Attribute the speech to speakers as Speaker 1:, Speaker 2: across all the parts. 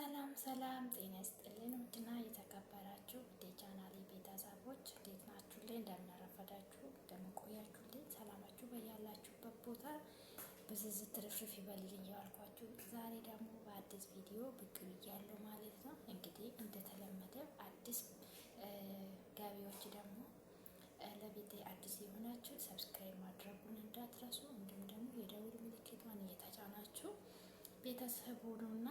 Speaker 1: ሰላም ሰላም፣ ጤና ይስጥልን። ውድና የተከበራችሁ ወደ ቻናሌ ቤተሰቦች እንዴት ናችሁልኝ? እንደምናረፈዳችሁ እንደምንቆያችሁልኝ፣ ሰላማችሁ በያላችሁበት ቦታ ብዝዝ ትርፍርፍ ይበልልኝ ያልኳችሁ፣ ዛሬ ደግሞ በአዲስ ቪዲዮ ብቅ ብያለሁ ማለት ነው። እንግዲህ እንደተለመደ አዲስ ገቢዎች ደግሞ ለቤቴ አዲስ የሆናችሁ ሰብስክራይብ ማድረጉን እንዳትረሱ፣ እንዲሁም ደግሞ የደውል ምልክቷን እየተጫናችሁ ቤተሰብ ነውና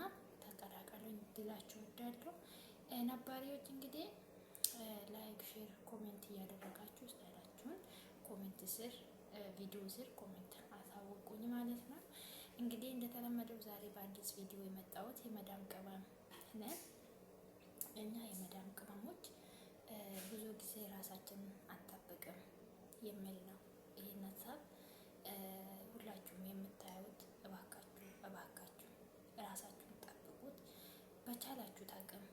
Speaker 1: ተቀላቀሉኝ ልላችሁ እወዳለሁ። ነባሪዎች እንግዲህ ላይክ፣ ሼር፣ ኮሜንት እያደረጋችሁ ስላላችሁን ኮሜንት ስር ቪዲዮ ስር ኮሜንት አሳውቁኝ ማለት ነው። እንግዲህ እንደተለመደው ዛሬ በአዲስ ቪዲዮ የመጣሁት የመዳም ቅመም ነን እና የመዳም ቅመሞች ብዙ ጊዜ ራሳችንን አንጠብቅም የሚል ነው። ይህን ሀሳብ ሁላችሁም የምት በቻላችሁት አቅም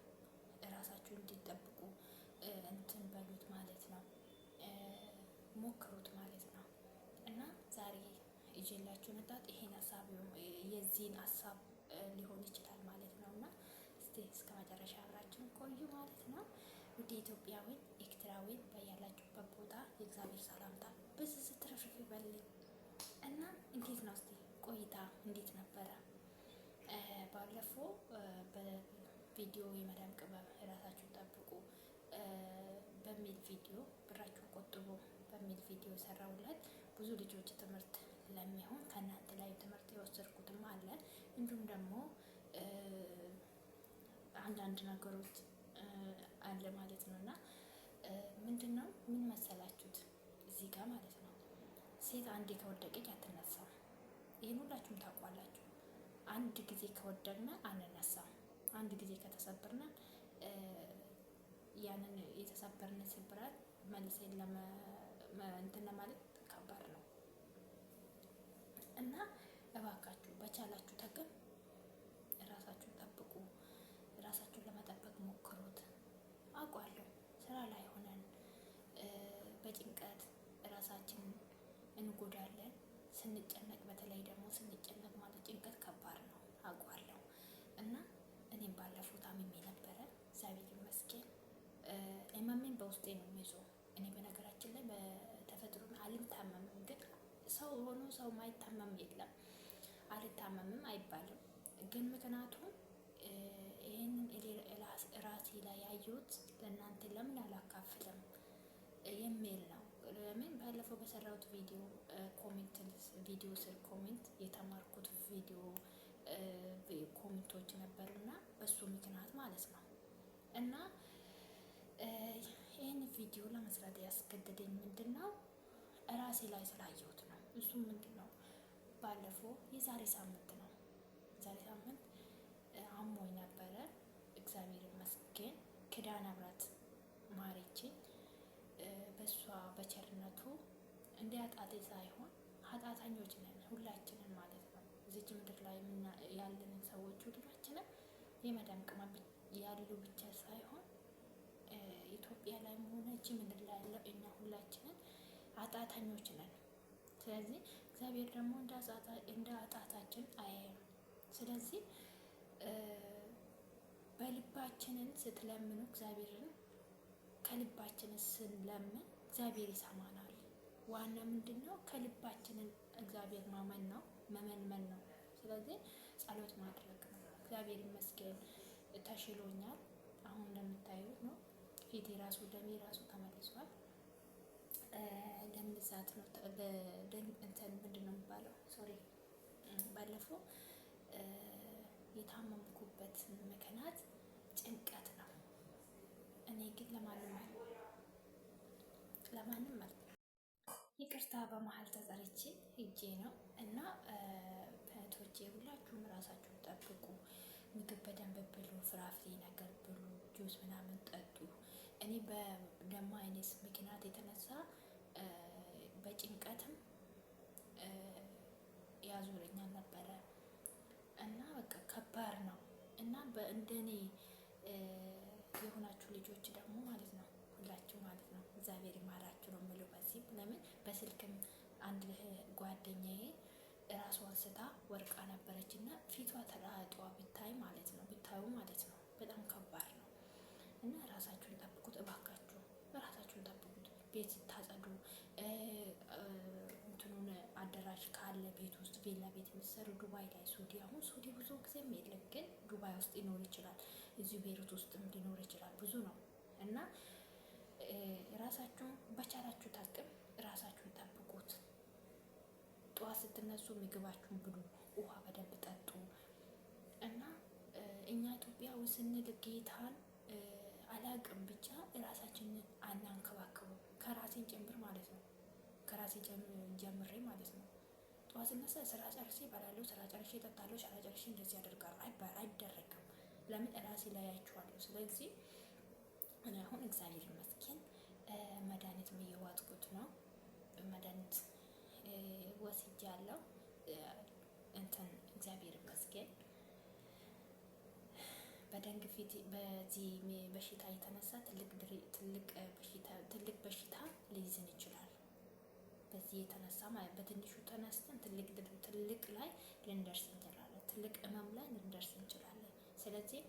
Speaker 1: እራሳችሁ እንዲጠብቁ እንትን በሉት ማለት ነው፣ ሞክሩት ማለት ነው። እና ዛሬ ይዤላችሁ መጣት ይሄን ሀሳብ የዚህን ሀሳብ ሊሆን ይችላል ማለት ነው። እና እስቲ እስከ መጨረሻ አብራችን ቆዩ ማለት ነው። ውድ ኢትዮጵያዊን ኤርትራዊን በያላችሁበት ቦታ የእግዚአብሔር ሰላምታ ብዝዝ ትረፍርፍ ይበልኝ እና እንዴት ነው እስቲ ቆይታ እንዴት ነበረ? ባለፈው ቪዲዮ የመዳም ቅመም እራሳችሁን ጠብቁ በሚል ቪዲዮ ብራችሁን ቆጥቦ በሚል ቪዲዮ የሰራውለት ብዙ ልጆች ትምህርት ለሚሆን ከእናንተ ላይ ትምህርት የወሰድኩትም አለ። እንዲሁም ደግሞ አንዳንድ ነገሮች አለ ማለት ነው እና ምንድን ነው ምን መሰላችሁት እዚህ ጋር ማለት ነው ሴት አንዴ ከወደቀች አትነሳም። ይህን ሁላችሁም ታውቋላችሁ። አንድ ጊዜ ከወደቅና አንነሳም። አንድ ጊዜ ከተሰበርና ያንን የተሰበርን ስብራት መልሰን እንትን ለማለት ከባድ ነው እና እባካችሁ በቻላችሁ ተቅም ራሳችሁን ጠብቁ። ራሳችሁን ለመጠበቅ ሞክሩት። አውቃለሁ ስራ ላይ ሆነን በጭንቀት ራሳችንን እንጎዳለን። ስንጨነቅ በተለይ ደግሞ ስንጨነቅ ታምሜ ነበረ። እግዚአብሔር ይመስገን ህመሜን በውስጤ ነው የሚይዞ። እኔ በነገራችን ላይ በተፈጥሮን አልታመምም፣ ግን ሰው ሆኖ ሰው ማይታመም የለም አልታመምም አይባልም። ግን ምክንያቱም ይህንን ራሴ ላይ ያየሁት ለእናንተ ለምን አላካፍልም የሚል ነው። ለምን ባለፈው በሰራሁት ቪዲዮ ኮሜንት ቪዲዮ ስር ኮሜንት የተማርኩት ቪዲዮ ኮሚንቶች ነበሩና በሱ ምክንያት ማለት ነው እና ይህን ቪዲዮ ለመስራት ያስገደደኝ ምንድን ነው እራሴ ላይ ስላየሁት ነው። እሱም ምንድን ነው ባለፈው የዛሬ ሳምንት ነው የዛሬ ሳምንት አሞኝ ነበረ። እግዚአብሔር ይመስገን ኪዳነ ምሕረት ማረችኝ። በእሷ በቸርነቱ እንደ አጣቴ ሳይሆን አጣታኞች ነን ሁላችን እዚች ምድር ላይ ያለንን ሰዎች ሁላችንም የመዳም ቅመም ያሉ ብቻ ሳይሆን ኢትዮጵያ ላይ መሆነች ምድር ላይ ያለው እኛ ሁላችንን አጣታኞች ነን። ስለዚህ እግዚአብሔር ደግሞ እንደ አጣታችን አያየም። ስለዚህ በልባችንን ስትለምኑ እግዚአብሔርን ከልባችንን ስንለምን እግዚአብሔር ይሰማናል። ዋና ምንድን ነው? ከልባችንን እግዚአብሔር ማመን ነው መመንመን ነው። ስለዚህ ጸሎት ማድረግ ነው። እግዚአብሔር ይመስገን ተሽሎኛል። አሁን እንደምታዩት ነው ፊቴ ራሱ ደሜ ራሱ ተመልሷል። ደም ነው እንትን ምንድን ነው የሚባለው? ሶሪ ባለፈው የታመምኩበት ምክንያት ጭንቀት ነው። እኔ ግን ለማንም ለማንም ይቅርታ በመሀል ተጠርቼ ሂጄ ነው እና እህቶቼ ሁላችሁም ራሳችሁን ጠብቁ። ምግብ በደንብ ብሉ፣ ፍራፍሬ ነገር ብሉ፣ ጁስ ምናምን ጠጡ። እኔ በደማ አይነት ምክንያት የተነሳ በጭንቀትም ያዙረኛል ነበረ እና በቃ ከባድ ነው እና እንደኔ የሆናችሁ ልጆች ደግሞ ማለት ነው ሁላችሁ ማለት ነው እግዚአብሔር ይማራችሁ ነው የምለው በዚህ ለምን በስልክም አንድ ጓደኛዬ ራሷን ስታ ወርቃ ነበረች እና ፊቷ ተላጧ ብታይ ማለት ነው ብታዩ ማለት ነው በጣም ከባድ ነው እና ራሳችሁን ጠብቁት እባካችሁ፣ ራሳችሁን ጠብቁት። ቤት ስታጸዱ እንትኑን አደራጅ ካለ ቤት ውስጥ ቪላ ቤት የምትሰሩ ዱባይ ላይ ሱዲ፣ አሁን ሱዲ ብዙ ጊዜም የለም፣ ግን ዱባይ ውስጥ ይኖር ይችላል፣ እዚሁ ቤሩት ውስጥም ሊኖር ይችላል። ብዙ ነው እና ራሳችሁን በቻላችሁ ታቅም ራሳችሁን ጠብቁት። ጠዋት ስትነሱ ምግባችሁን ብሉ፣ ውሃ በደንብ ጠጡ እና እኛ ኢትዮጵያ ውስጥ ስንል ጌታን አላቅም ብቻ ራሳችንን አናንከባክቡ። ከራሴን ጭምር ማለት ነው። ከራሴን ጀምሬ ማለት ነው። ጠዋት ስነሳ ስራ ጨርሼ እበላለሁ፣ ስራ ጨርሼ እጠጣለሁ፣ ስራ ጨርሼ እንደዚህ ያደርጋሉ። አይደረግም። ለምን ራሴ ላይ ያያችኋለሁ። ስለዚህ እኔ አሁን እግዚአብሔር ይመስገን መድኃኒትም እየዋጥኩት ነው። መድኃኒት ወስጃለሁ። እንትን እግዚአብሔር ይመስገን። በደም ግፊት በዚህ በሽታ የተነሳ ትልቅ ትልቅ በሽታ ሊይዝን ይችላል። በዚህ የተነሳ ማለት በትንሹ ተነስተን ትልቅ ትልቅ ላይ ልንደርስ እንችላለን። ትልቅ ህመም ላይ ልንደርስ እንችላለን። ስለዚህ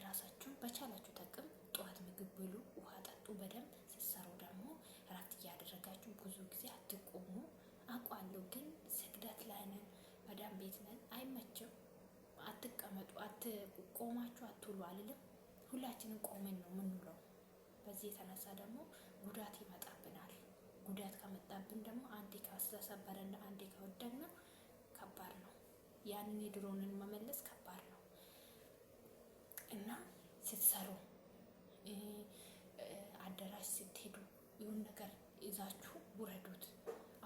Speaker 1: እራሳችሁ በቻላችሁ ጠቅም ጠዋት ምግብ ብሉ፣ ውሃ ጠጡ በደንብ ስትሰሩ ደግሞ እራት እያደረጋችሁ ብዙ ጊዜ አትቆሙ። አውቃለሁ፣ ግን ስግደት ላይ ነን፣ መዳም ቤት ነን፣ አይመችም። አትቀመጡ፣ አትቆማችሁ አትውሉ አልልም። ሁላችንም ቆመን ነው የምንውለው። በዚህ የተነሳ ደግሞ ጉዳት ይመጣብናል። ጉዳት ከመጣብን ደግሞ አንዴ ካስተሰበረና አንዴ ከወደቅና ከባድ ነው። ያንን የድሮንን መመለስ ከባድ ነው እና ስትሰሩ ታች ስትሄዱ ይሁን ነገር ይዛችሁ ውረዱት።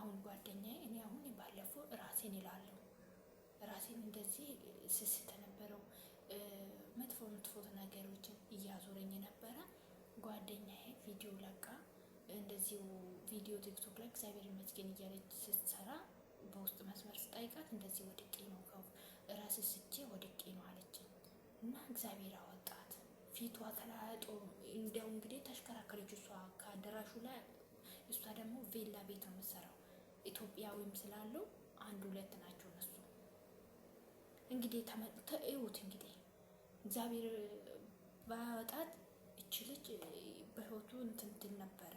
Speaker 1: አሁን ጓደኛዬ እኔ አሁን ባለፈው ራሴን ይላለሁ ራሴን እንደዚህ ስስት ነበረው መጥፎ መጥፎ ነገሮችን እያዞረኝ ነበረ። ጓደኛዬ ቪዲዮ ለቃ እንደዚሁ ቪዲዮ ቲክቶክ ላይ እግዚአብሔር ይመስገን እያለች ስትሰራ በውስጥ መስመር ስጠይቃት እንደዚህ ወድቄ ነው ከው ስቼ ወድቄ ነው አለችኝ እና እግዚአብሔር አወጣ ፊቷ ተላጦ እንዲያው እንግዲህ ተሽከራከረች። እሷ ከአዳራሹ ላይ እሷ ደግሞ ቬላ ቤት ነው የምትሰራው። ኢትዮጵያዊም ስላለው አንድ ሁለት ናቸው እነሱ እንግዲህ እዩት። እንግዲህ እግዚአብሔር ባያወጣት እች ልጅ በህይወቱ እንትን ትል ነበረ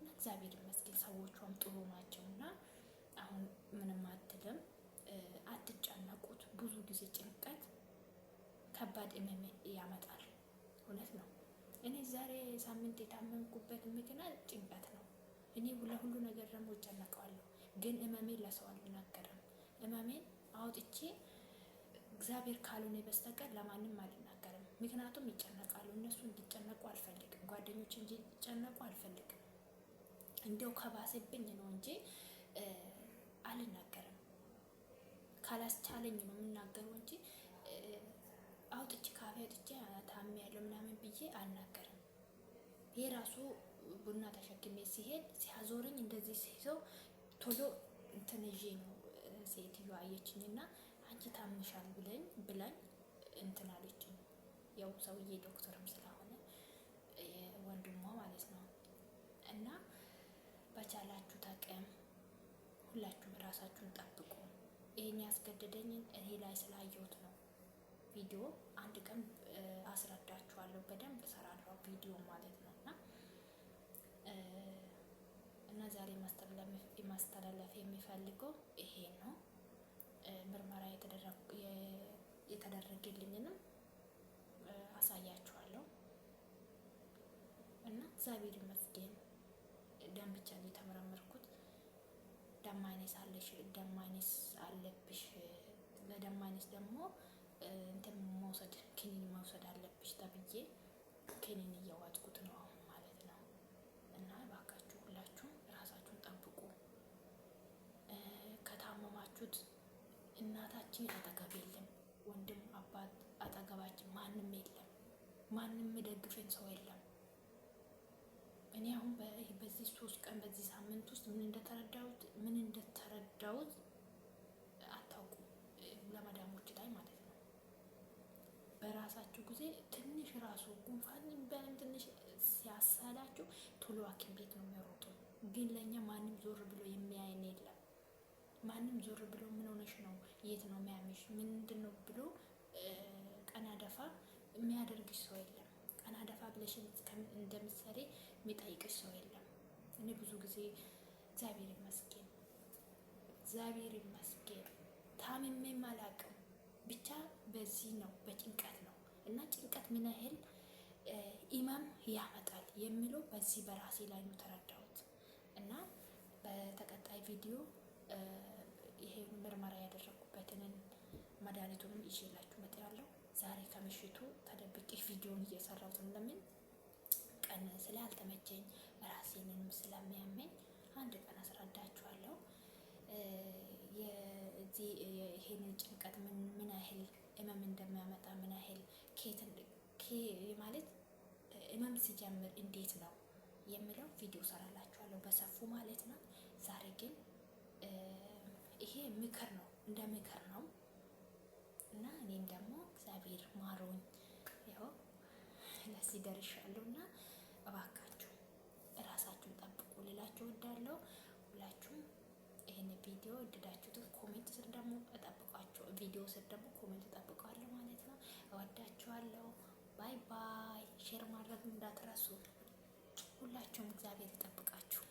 Speaker 1: እና እግዚአብሔር ይመስገን ሰዎቿም ጥሩ ናቸው እና አሁን ምንም አትልም። አትጨነቁት። ብዙ ጊዜ ጭንቀት ከባድ እመም ያመጣል። እውነት ነው። እኔ ዛሬ ሳምንት የታመምኩበት ምክንያት ጭንቀት ነው። እኔ ለሁሉ ነገር ደግሞ እጨነቀዋለሁ፣ ግን እመሜን ለሰው አልናገርም። እመሜን አውጥቼ እግዚአብሔር ካልሆነ በስተቀር ለማንም አልናገርም። ምክንያቱም ይጨነቃሉ። እነሱ እንዲጨነቁ አልፈልግም። ጓደኞች እንዲጨነቁ አልፈልግም። እንደው ከባሰብኝ ነው እንጂ አልናገርም። ካላስቻለኝ ነው የምናገረው እንጂ አውጥቼ ካፌ አውጥቼ ታሜ ያለው ምናምን ብዬ አልናገርም። ይሄ ራሱ ቡና ተሸክሜ ሲሄድ ሲያዞርኝ እንደዚህ ሲይዘው ቶሎ እንትን ይዤ ነው። ሴትዮ አየችኝ እና አንቺ ታምሻል ብለኝ ብላኝ እንትን አለችኝ። ያው ሰውዬ ዶክተርም ስለሆነ ወንድሟ ማለት ነው። እና በቻላችሁ ተቀም ሁላችሁም ራሳችሁን ጠብቁ። ይህን ያስገደደኝን እኔ ላይ ስላየሁት ነው። ቪዲዮ አንድ ቀን አስረዳችኋለሁ። በደንብ እሰራለሁ ቪዲዮ ማለት ነው እና እና ዛሬ ማስተላለፍ የሚፈልገው ይሄ ነው። ምርመራ የተደረገልኝንም አሳያችኋለሁ እና እግዚአብሔር ይመስገን ደም ብቻ ነው የተመረመርኩት። ደም አይነስ አለሽ፣ ደም አይነስ አለብሽ። ለደም አይነስ ደግሞ እንትን መውሰድ ክኒን መውሰድ አለብሽ ተብዬ ክኒን እየዋጥኩት ነው አሁን ማለት ነው። እና እባካችሁ ሁላችሁም ራሳችሁን ጠብቁ። ከታመማችሁት እናታችን አጠገብ የለም፣ ወንድም አባት አጠገባችን ማንም የለም፣ ማንም የሚደግፈን ሰው የለም። እኔ አሁን በዚህ ሶስት ቀን በዚህ ሳምንት ውስጥ ምን እንደተረዳሁት ምን እንደተረዳሁት አታውቁ ለመዳሞች ላይ ማለት ነው በራሳችሁ ጊዜ ትንሽ ራሱ ጉንፋን የሚባልም ትንሽ ሲያሳላችሁ ቶሎ ሐኪም ቤት ነው የሚሮጡ። ግን ለእኛ ማንም ዞር ብሎ የሚያይን የለም። ማንም ዞር ብሎ ምን ሆነሽ ነው? የት ነው የሚያምሽ? ምንድን ነው ብሎ ቀና ደፋ የሚያደርግሽ ሰው የለም። ቀና ደፋ ብለሽ እንደምትሰሪ የሚጠይቅሽ ሰው የለም። እኔ ብዙ ጊዜ እግዚአብሔር ይመስገን፣ እግዚአብሔር ይመስገን ታምሜም አላውቅም። ብቻ በዚህ ነው በጭንቀት ነው እና ጭንቀት ምን ያህል ኢማም ያመጣል የሚለው በዚህ በራሴ ላይ ነው ተረዳሁት። እና በተቀጣይ ቪዲዮ ይሄ ምርመራ ያደረጉበትንን መድኃኒቱንም ይዤላችሁ እመጣለሁ። ዛሬ ከምሽቱ ተደብቄ ቪዲዮን እየሰራሁት ለምን ቀን ስላልተመቸኝ ራሴንም ስለሚያመኝ አንድ ቀን አስረዳችኋለሁ። ይሄንን ጭንቀት ምን ያህል እመም እንደሚያመጣ ምን ያህል ማለት እመም ሲጀምር እንዴት ነው የሚለው ቪዲዮ ሰራላችኋለሁ በሰፉ ማለት ነው። ዛሬ ግን ይሄ ምክር ነው እንደ ምክር ነው እና እኔም ደግሞ እግዚአብሔር ማሮኝ ይኸው ለዚህ ደርሻለሁ እና እባካችሁ እራሳችሁን ጠብቁ ልላችሁ እወዳለሁ ሁላችሁም ይህን ቪዲዮ ወደዳችሁትን ኮሜንት ስር ደግሞ እጠብቋቸው ቪዲዮ ስር ደግሞ ኮሜንት እጠብቀዋለሁ ማለት ነው። እወዳችኋለሁ። ባይ ባይ። ሼር ማድረግ እንዳትረሱ። ሁላችሁም እግዚአብሔር ይጠብቃችሁ።